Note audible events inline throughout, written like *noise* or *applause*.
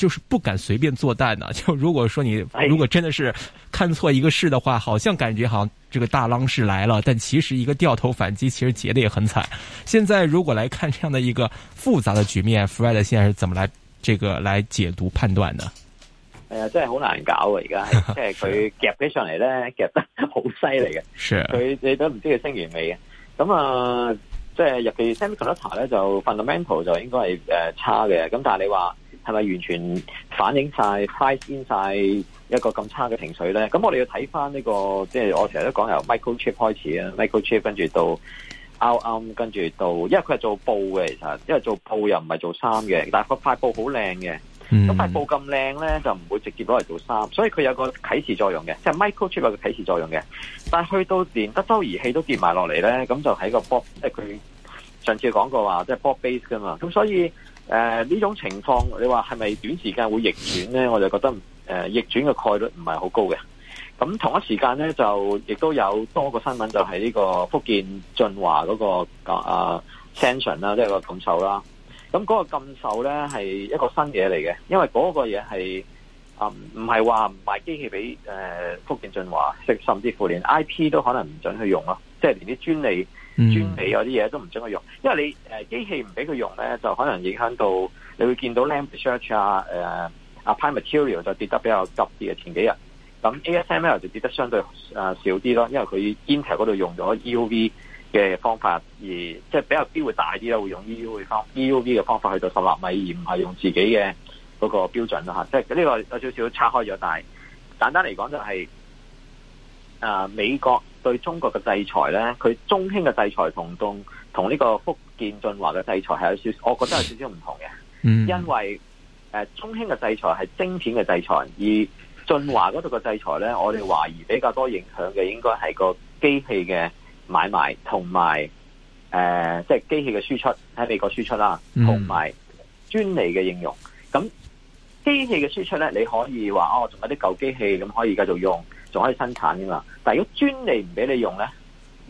就是不敢隨便做單呢、啊。就如果說你如果真的是看錯一個市的話，好像感覺好像這個大浪是來了，但其實一個掉頭反擊其實結的也很慘。現在如果來看這樣的一個複雜的局面，Fred 現在是怎麼來這個來解讀判斷呢，呢？哎 *laughs* 啊，真係好難搞啊！而家即係佢夾起上嚟咧，夾得好犀利嘅。是佢你都唔知佢升完未嘅。咁啊、呃，即係尤其 semiconductor 咧，就 Fundamental 就應該係誒差嘅。咁但係你話。係咪完全反映晒 price in 晒一個咁差嘅情緒咧？咁我哋要睇翻呢個，即係我成日都講由 Microchip 開始啊，Microchip 跟住到 o u Arm，跟住到，因為佢係做布嘅其實，因為做布又唔係做衫嘅，但係佢塊布好靚嘅，咁、mm. 塊布咁靚咧就唔會直接攞嚟做衫，所以佢有個啟示作用嘅，即係 Microchip 有個啟示作用嘅，但係去到連德州儀器都跌埋落嚟咧，咁就喺個布，即係佢上次講過話，即係布 base 噶嘛，咁所以。誒、呃，呢種情況，你話係咪短時間會逆轉呢？我就覺得誒、呃，逆轉嘅概率唔係好高嘅。咁同一時間呢，就亦都有多個新聞，就係呢個福建晉華嗰個啊 extension 啦，即、啊、係、嗰個禁售啦。咁、那、嗰個禁售呢，係一個新嘢嚟嘅，因為嗰個嘢係啊，唔係話賣機器俾誒、呃、福建晉華，甚至乎連 I P 都可能唔准去用咯，即、就、係、是、連啲專利。嗯嗯嗯嗯專俾嗰啲嘢都唔准佢用，因為你機器唔俾佢用咧，就可能影響到你會見到 Lam Research 啊、誒、啊、Applied Material 就跌得比較急啲嘅前幾日，咁 ASML 就跌得相對少啲咯，因為佢 Intel 嗰度用咗 EUV 嘅方法而即係比較機會大啲囉，會用 EUV 方 EUV 嘅 *music* 方法去到十納米，而唔係用自己嘅嗰個標準啦嚇、啊，即係呢個有少少拆開咗，但係簡單嚟講就係、誒、美國。對中國嘅制裁咧，佢中興嘅制裁同動同呢個福建晉華嘅制裁係有少少，我覺得有少少唔同嘅。嗯、因為誒、呃、中興嘅制裁係晶片嘅制裁，而晉華嗰度嘅制裁咧，我哋懷疑比較多影響嘅應該係個機器嘅買賣，同埋誒即係機器嘅輸出喺美國輸出啦，同埋專利嘅應用。咁機器嘅輸出咧，你可以話哦，仲有啲舊機器咁可以繼續用。仲可以生產噶嘛？但係如果專利唔俾你用咧，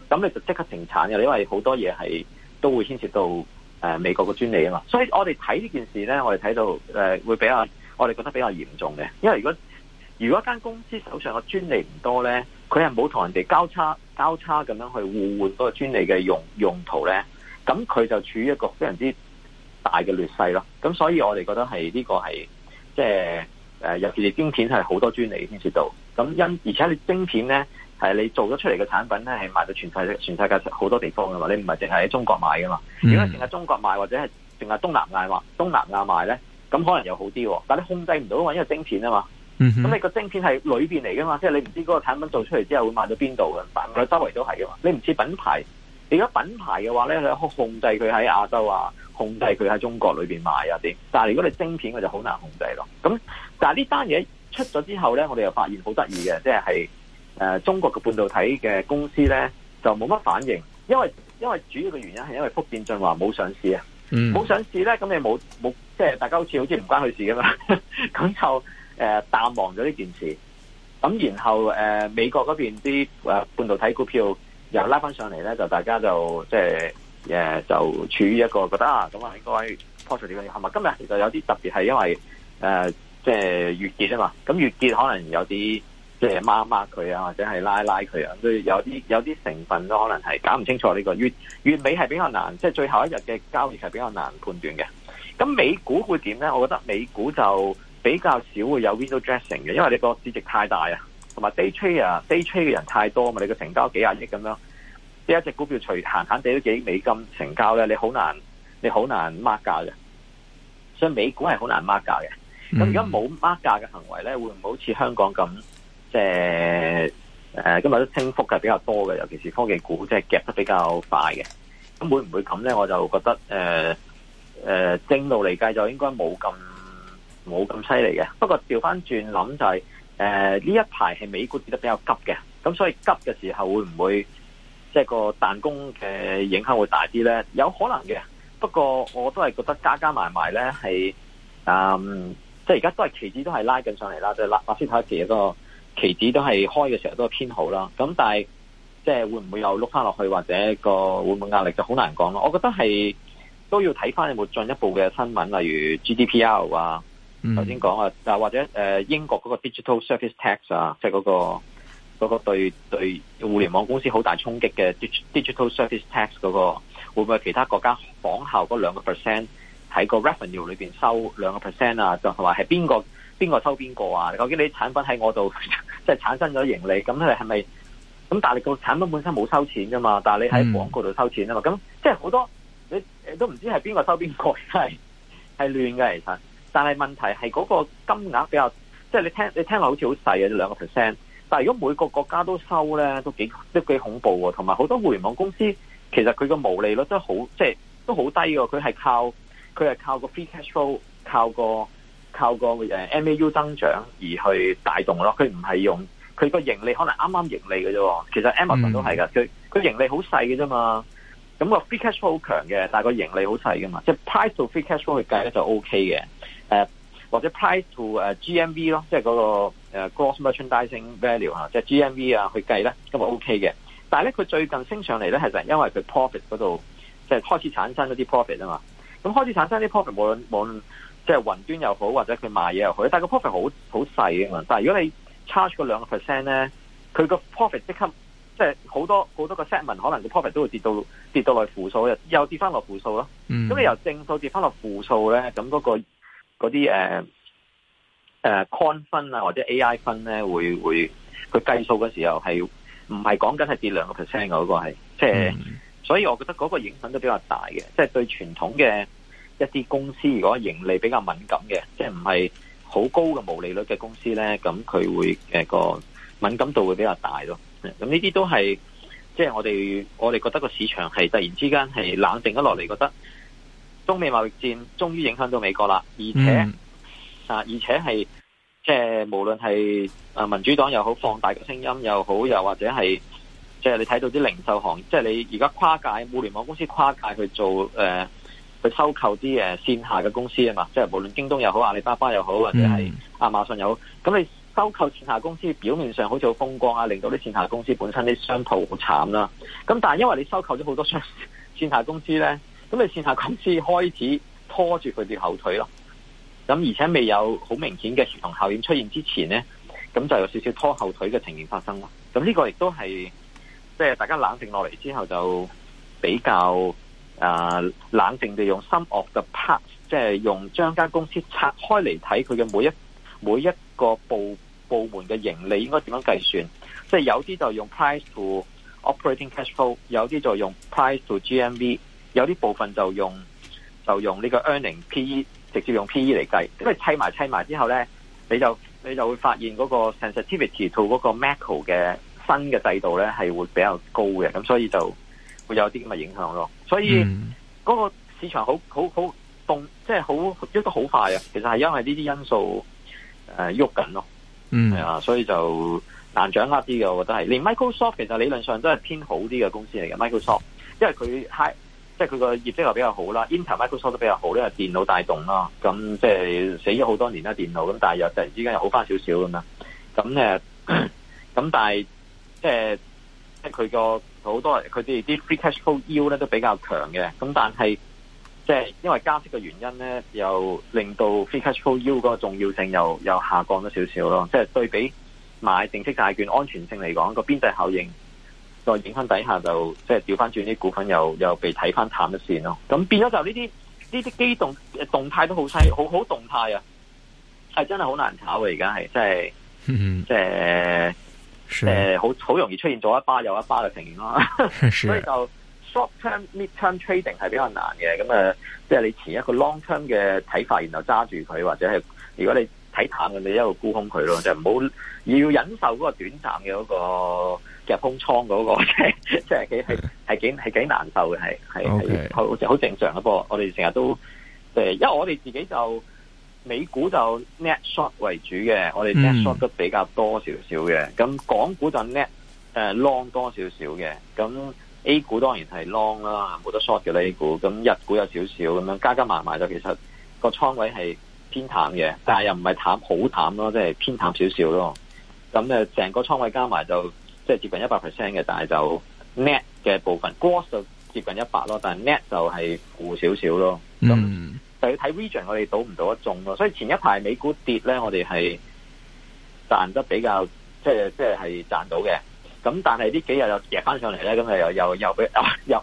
咁你就即刻停產嘅。因為好多嘢係都會牽涉到誒美國嘅專利啊嘛。所以我哋睇呢件事咧，我哋睇到誒會比較，我哋覺得比較嚴重嘅。因為如果如果一間公司手上嘅專利唔多咧，佢係冇同人哋交叉交叉咁樣去互換嗰個專利嘅用用途咧，咁佢就處於一個非常之大嘅劣勢咯。咁所以我哋覺得係呢個係即係誒尤其是晶片係好多專利牽涉到。咁、嗯、因而且你晶片咧，係你做咗出嚟嘅產品咧，係賣到全世界全世界好多地方噶嘛，你唔係淨係喺中國賣噶嘛？如果淨係中國賣或者係淨係東南亞賣，東南亞賣咧，咁可能又好啲喎、啊。但係你控制唔到啊，因為晶片啊嘛。咁、嗯、你個晶片係裏邊嚟噶嘛，即、就、係、是、你唔知嗰個產品做出嚟之後會賣到邊度嘅，但佢周圍都係噶嘛。你唔似品牌，你而家品牌嘅話咧，佢控制佢喺亞洲啊，控制佢喺中國裏邊賣啊啲。但係如果你晶片，佢就好難控制咯、啊。咁但係呢單嘢。出咗之後咧，我哋又發現好得意嘅，即係誒、呃、中國嘅半導體嘅公司咧，就冇乜反應，因為因為主要嘅原因係因為福建進華冇上市啊，冇、嗯、上市咧，咁你冇冇即係大家好似好似唔關佢事㗎嘛，咁就誒、呃、淡忘咗呢件事。咁然後誒、呃、美國嗰邊啲、呃、半導體股票又拉翻上嚟咧，就大家就即係誒就處於一個覺得啊，咁啊應該破除啲嘅係嘛？今日其實有啲特別係因為誒。呃即係月結啊嘛，咁月結可能有啲即係抹一抹佢啊，或者係拉拉佢啊，都有啲有啲成分都可能係搞唔清楚呢、這個月月尾係比較難，即係最後一日嘅交易係比較難判斷嘅。咁美股會點咧？我覺得美股就比較少會有 window dressing 嘅，因為你個市值太大啊，同埋 day trade 啊，day trade 嘅人太多啊嘛，你個成交幾廿億咁樣，一一隻股票隨閒閒地都幾億美金成交咧，你好難你好難 mark 價嘅，所以美股係好難 mark 價嘅。咁而家冇 mark 價嘅行為咧，會唔會好似香港咁即係誒今日都升幅係，比較多嘅，尤其是科技股，即係夾得比較快嘅。咁會唔會咁咧？我就覺得誒誒，正路嚟計就應該冇咁冇咁犀利嘅。不過調翻轉諗就係誒呢一排係美股跌得比較急嘅，咁所以急嘅時候會唔會即係個彈弓嘅影響會大啲咧？有可能嘅，不過我都係覺得加加埋埋咧係嗯。即係而家都係期指都係拉緊上嚟啦，即係百百思投資嗰個期指都係開嘅時候都係偏好啦。咁但係即係會唔會又碌翻落下去，或者個會唔會壓力就好難講咯。我覺得係都要睇翻有冇進一步嘅新聞，例如 GDPR 啊，頭先講啊，但、嗯、或者誒英國嗰個 digital service tax 啊，即係嗰個嗰、那個對，對互聯網公司好大衝擊嘅 digital service tax 嗰、那個會唔會其他國家仿效嗰兩個 percent？喺個 revenue 裏邊收兩個 percent 啊，就係話係邊個邊個收邊個啊？究竟你啲產品喺我度即係產生咗盈利，咁你係咪咁？但你個產品本身冇收錢噶嘛，但係你喺廣告度收錢啊嘛，咁即係好多你都唔知係邊個收邊個，係係亂嘅其實。但係問題係嗰個金額比較，即係你聽你聽落好似好細嘅兩個 percent，但係如果每個國家都收咧，都幾都幾恐怖喎。同埋好多互聯網公司其實佢個毛利率都好，即係都好低嘅。佢係靠。佢係靠個 free cash flow，靠個靠個誒 MAU 增長而去帶動咯。佢唔係用佢個盈利可能啱啱盈利嘅啫。其實 Amazon 都係噶，佢佢盈利好細嘅啫嘛。咁個 free cash flow 好強嘅，但係個盈利好細嘅嘛。即係 price to free cash flow 去計咧就 O K 嘅。誒或者 price to 誒 GMV 咯，即係嗰個 gross merchandising value 嚇，即係 GMV 啊去計咧，咁就 O K 嘅。但係咧佢最近升上嚟咧係因為佢 profit 嗰度即係開始產生嗰啲 profit 啊嘛。咁開始產生啲 profit，無論無論即係雲端又好，或者佢賣嘢又好，但係個 profit 好好細啊嘛。但係如果你 charge 個兩個 percent 咧，佢個 profit 即刻即係好多好多個 segment 可能個 profit 都會跌到跌到落負數又跌翻落負數咯。咁、mm. 你由正數跌翻落負數咧，咁嗰個嗰啲誒誒 con 分啊或者 AI 分咧，會會佢計數嘅時候係唔係講緊係跌兩個 percent 嘅嗰個係即係。即係 mm. 所以，我覺得嗰個影響都比較大嘅，即係對傳統嘅一啲公司，如果盈利比較敏感嘅，即係唔係好高嘅毛利率嘅公司咧，咁佢會誒個敏感度會比較大咯。咁呢啲都係即係我哋我哋覺得個市場係突然之間係冷靜咗落嚟，覺得中美貿易戰終於影響到美國啦，而且啊，嗯、而且係即係無論係啊民主黨又好，放大個聲音又好，又或者係。即係你睇到啲零售行，即係你而家跨界互聯網公司跨界去做誒、呃，去收購啲誒線下嘅公司啊嘛。即係無論京東又好、阿里巴巴又好，或者係亞馬遜又好，咁你收購線下公司，表面上好似好風光啊，令到啲線下公司本身啲商鋪好慘啦。咁但係因為你收購咗好多商線下公司咧，咁你線下公司開始拖住佢哋後腿咯。咁而且未有好明顯嘅協同效應出現之前咧，咁就有少少拖後腿嘅情形發生咯。咁呢個亦都係。即係大家冷靜落嚟之後，就比較、uh, 冷靜地用 sum of the parts 即係用將間公司拆開嚟睇佢嘅每一每一個部部門嘅盈利應該點樣計算？即係有啲就用 price to operating cash flow，有啲就用 price to GMV，有啲部分就用就用呢個 earning PE，直接用 PE 嚟計。因為砌埋砌埋之後咧，你就你就會發現嗰個 sensitivity to 嗰個 macro 嘅。新嘅制度咧，係會比較高嘅，咁所以就會有啲咁嘅影響咯。所以嗰個市場好好好動，即係好喐得好快啊。其實係因為呢啲因素誒喐緊咯，係啊，所以就難掌握啲嘅。我覺得係，連 Microsoft 其實理論上都係偏好啲嘅公司嚟嘅。Microsoft 因為佢 high，即係佢個業績又比較好啦。Intel、Microsoft 都比較好，因為、就是、電腦帶動啦。咁即係死咗好多年啦，電腦咁，但係又突然之間又好翻少少咁啊。咁誒，咁但係。即係即係佢個好多人，佢哋啲 free cash flow yield 咧都比較強嘅，咁但係即係因為加息嘅原因咧，又令到 free cash flow yield 嗰個重要性又又下降咗少少咯。即係對比買定息債券安全性嚟講，個邊際效應再影響底下就即係調翻轉啲股份又又被睇翻淡一線咯。咁變咗就呢啲呢啲機動動態都好細，好好動態啊，係真係好難炒喎，而家係即係 *laughs* 即係。誒、啊，好、呃、好容易出現左，一巴右一巴嘅情形咯，啊、 *laughs* 所以就 short term、mid term trading 係比較難嘅。咁誒，即、就、係、是、你持一個 long term 嘅睇法，然後揸住佢，或者係如果你睇淡嘅，你一路沽空佢咯，就唔、是、好要，要忍受嗰個短暫嘅嗰個夾空倉嗰、那個，即係即係佢係係幾係幾難受嘅，係係好好正常嘅。不過我哋成日都誒、就是，因為我哋自己就。美股就 net short 為主嘅，我哋 net short 都比較多少少嘅。咁、嗯、港股就 net 誒 long 多少少嘅。咁 A 股當然係 long 啦，冇得 short 嘅 A 股。咁日股有少少咁樣，加加埋埋就其實個倉位係偏淡嘅，但係又唔係淡好淡咯，即、就、係、是、偏淡少少咯。咁誒，成個倉位加埋就即係、就是、接近一百 percent 嘅，但係就 net 嘅部分 g o s s 就接近一百咯，但係 net 就係負少少咯。嗯就要睇 region，我哋倒唔到得中咯，所以前一排美股跌咧，我哋係賺得比較即係即係係賺到嘅。咁但係呢幾日又夾翻上嚟咧，咁啊又又又俾啊又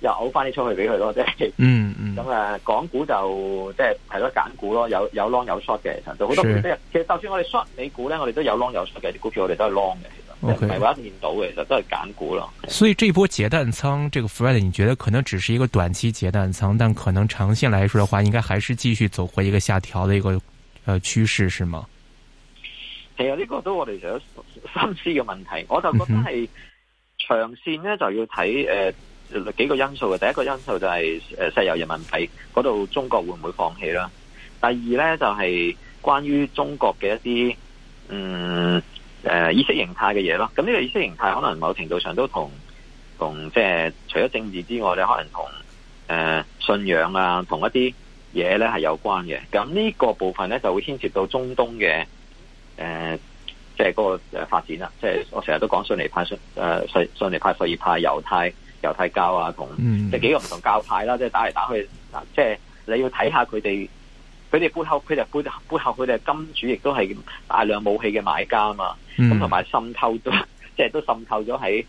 又嘔翻啲出去俾佢咯，即係嗯嗯，咁、嗯、啊港股就即係係咯，揀股咯，有有 long 有 short 嘅，就好多唔知其實就算我哋 short 美股咧，我哋都有 long 有 short 嘅，股票我哋都係 long 嘅。唔係話見到，其實都係揀股咯。所以，這波夾淡倉，這個 Fred，你覺得可能只是一個短期夾淡倉，但可能長線來說的話，應該還是繼續走回一個下調的一個，呃趨勢，是嗎？其實呢個都我哋想深思嘅問題，我就覺得係長線咧就要睇誒、呃、幾個因素嘅。第一個因素就係誒石油人民幣嗰度，中國會唔會放棄啦？第二咧就係、是、關於中國嘅一啲嗯。誒、呃，意識形態嘅嘢咯，咁呢個意識形態可能某程度上都同同即係除咗政治之外呢，你可能同、呃、信仰啊，同一啲嘢咧係有關嘅。咁呢個部分咧就會牽涉到中東嘅誒，即係嗰個發展啦。即係我成日都講遜尼派信誒信遜尼派、什葉派，派，派、猶太猶太教啊，同即係幾個唔同教派啦，即係打嚟打去，即係你要睇下佢哋。佢哋背後，佢哋背後背後，佢哋金主亦都係大量武器嘅買家啊嘛。咁同埋滲透咗，即係都滲透咗喺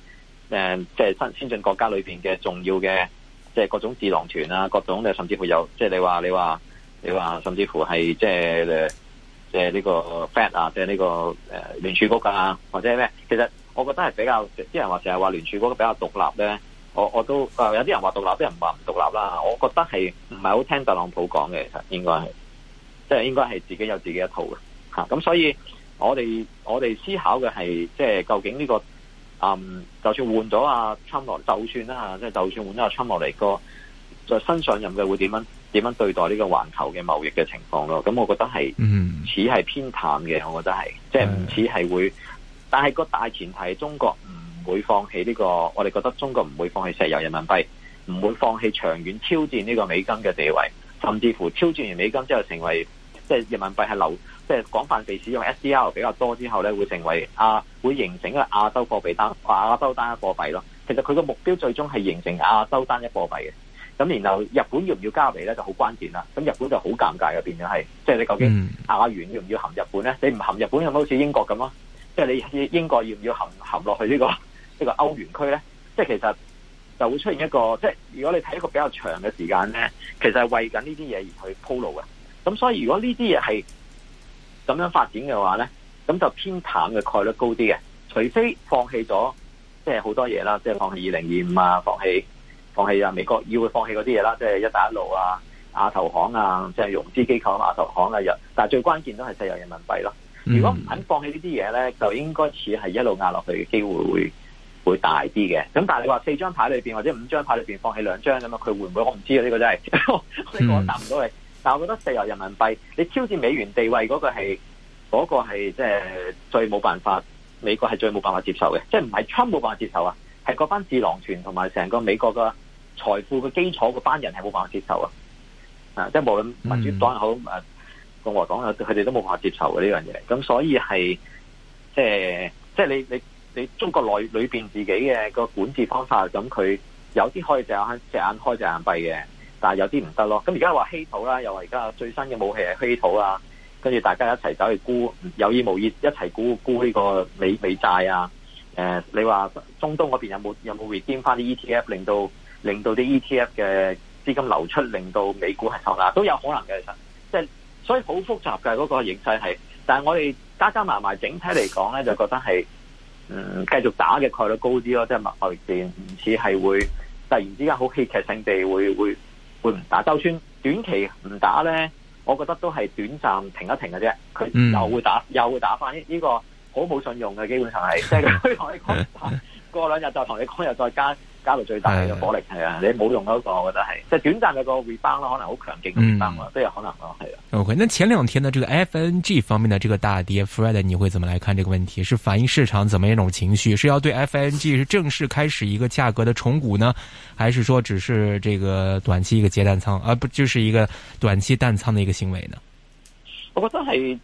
誒即係新先進國家裏邊嘅重要嘅，即係各種智囊團啊，各種，甚至乎有，即係你話你話你話甚至乎係即係誒即係呢個 Fed 啊，即係呢個誒聯儲局啊，或者係咩？其實我覺得係比較啲人話成日話聯儲局比較獨立咧。我我都啊，有啲人話獨立，啲人話唔獨立啦。我覺得係唔係好聽特朗普講嘅，其實應該係。嗯即係應該係自己有自己一套嘅吓，咁所以我哋我哋思考嘅係，即係究竟呢個嗯，就算換咗阿侵落，就算啦吓，即係就算換咗阿侵落嚟個，就新上任嘅會點樣點樣對待呢個環球嘅貿易嘅情況咯？咁我覺得係，嗯，似係偏淡嘅，我覺得係，即係唔似係會，但係個大前提係，中國唔會放棄呢個，我哋覺得中國唔會放棄石油人民幣，唔會放棄長遠挑戰呢個美金嘅地位，甚至乎挑戰完美金之後成為。即係人民幣係流，即係廣泛地使用，SDR 比較多之後咧，會成為亞、啊，會形成一個亞洲貨幣單，亞洲單一貨幣咯。其實佢個目標最終係形成亞洲單一貨幣嘅。咁然後日本要唔要加嚟咧，就好關鍵啦。咁日本就好尷尬嘅，變咗係，即係你究竟亞元要唔要含日本咧？你唔含日本咁好似英國咁咯，即係你英國要唔要含含落去呢個呢個歐元區咧？即係其實就會出現一個，即係如果你睇一個比較長嘅時間咧，其實係為緊呢啲嘢而去鋪路嘅。咁所以如果呢啲嘢係咁樣發展嘅話咧，咁就偏淡嘅概率高啲嘅。除非放棄咗，即係好多嘢啦，即係放棄二零二五啊，放棄放棄啊美國要會放棄嗰啲嘢啦，即係一帶一路啊、亞投行啊，即係融資機構啊、亞投行啊，但係最關鍵都係石油人民幣咯、嗯。如果唔肯放棄呢啲嘢咧，就應該似係一路壓落去，嘅機會會會大啲嘅。咁但係你話四張牌裏邊或者五張牌裏邊放棄兩張咁佢會唔會我唔知啊？呢、呢個真係，我答唔到你。嗯但係我覺得石油人民幣，你挑戰美元地位嗰個係，嗰個係即係最冇辦法，美國係最冇辦法接受嘅，即係唔係 Trump 冇辦法接受啊，係嗰班智囊團同埋成個美國嘅財富嘅基礎嗰班人係冇辦法接受啊，啊即係無論民主黨又好誒共和黨啊，佢哋都冇辦法接受嘅呢樣嘢，咁所以係即係即係你你你中國內裏邊自己嘅個管治方法，咁佢有啲可以隻眼隻眼開隻眼閉嘅。但係有啲唔得咯，咁而家話稀土啦，又話而家最新嘅武器係稀土啊，跟住大家一齊走去沽，有意冇意一齊沽沽呢個美美債啊？呃、你話中東嗰邊有冇有冇會饋翻啲 ETF，令到令到啲 ETF 嘅資金流出，令到美股係下啦都有可能嘅。其實即係所以好複雜嘅嗰、嗰個形勢係，但係我哋加加埋埋整體嚟講咧，就覺得係嗯繼續打嘅概率高啲咯，即係默外戰唔似係會突然之間好戲劇性地會會。會會唔打周村？短期唔打咧，我覺得都係短暫停一停嘅啫。佢又會打，又會打翻呢、這個？呢個好冇信用嘅基本上係。即係佢同你講打， *laughs* 過兩日就同你講又再加。加到最大嘅火力係、嗯、啊，你冇用嗰、那個，我覺得係，即、就、係、是、短暫嘅個 rebound 咯，可能好強勁嘅 rebound、嗯、都有可能咯，係啊。OK，那前兩天呢，這個 FNG 方面嘅這個大跌，Fred，你會怎麼來看呢個問題？是反映市場怎麼一種情緒？是要對 FNG 是正式開始一個價格嘅重估呢？還是說只是這個短期一個夾淡倉，而、啊、不就是一個短期淡倉嘅一個行為呢？我覺得係誒，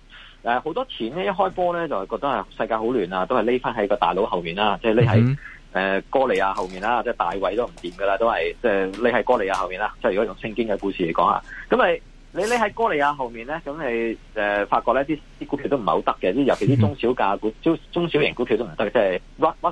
好、呃、多錢呢，一開波呢，就係覺得係世界好亂啊，都係匿翻喺個大佬後面啦，即係匿喺。嗯誒、呃，哥利亞後面啦，即係大衛都唔掂噶啦，都係即係匿喺哥利亞後面啦，即係如果用聖經嘅故事嚟講啊，咁你匿喺哥利亞後面咧，咁你誒、呃、發覺咧啲啲股票都唔係好得嘅，尤其啲中小價股、中小型股票都唔得嘅，即、就、係、是、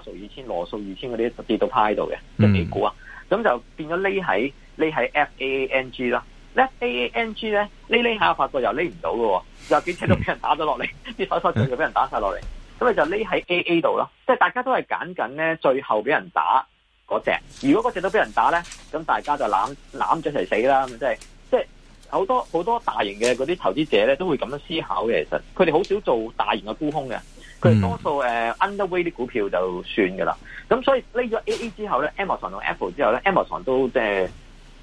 Russell 二千、羅素二千嗰啲跌到派度嘅，即係美股啊，咁就變咗匿喺匿喺 FAANG 啦，FAANG 咧匿匿下發覺又匿唔到噶，又幾隻都俾人打咗落嚟，啲手手仲要俾人打晒落嚟。 *laughs* *laughs* 咁你就匿喺 AA 度咯，即係大家都係揀緊咧，最後俾人打嗰隻。如果嗰隻都俾人打咧，咁大家就攬攬咗一齊死啦。咁、就是、即係即係好多好多大型嘅嗰啲投資者咧，都會咁樣思考嘅。其實佢哋好少做大型嘅沽空嘅，佢哋多數誒 underweight 啲股票就算噶啦。咁、mm. 所以匿咗 AA 之後咧，Amazon 同 Apple 之後咧，Amazon 都即係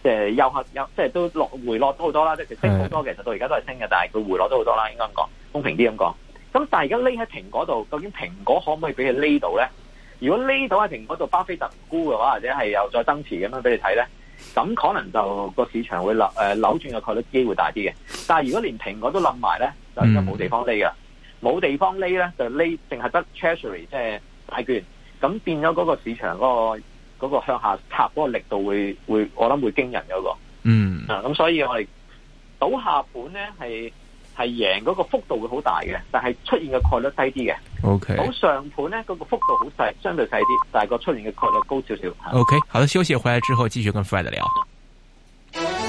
即係又、又，即係都落回落咗好多啦。即係升好多，mm. 其實到而家都係升嘅，但係佢回落咗好多啦。應該咁講，公平啲咁講。咁但係而家匿喺蘋果度，究竟蘋果可唔可以俾佢匿到咧？如果匿到喺蘋果度，巴菲特唔沽嘅話，或者係又再增持咁樣俾你睇咧，咁可能就個市場會扭誒扭轉嘅概率機會大啲嘅。但係如果連蘋果都冧埋咧，就冇地方匿嘅，冇、嗯、地方匿咧就匿淨係得 Treasury 即係大券，咁變咗嗰個市場嗰、嗰個、嗰個向下插嗰個力度會會我諗會驚人嘅一個。嗯。啊，咁所以我哋倒下盤咧係。係贏嗰個幅度會好大嘅，但係出現嘅概率低啲嘅。OK，好上盤咧，嗰個幅度好細，相對細啲，但係個出現嘅概率高少少。OK，好啦，休息回來之後繼續跟 Fred 聊。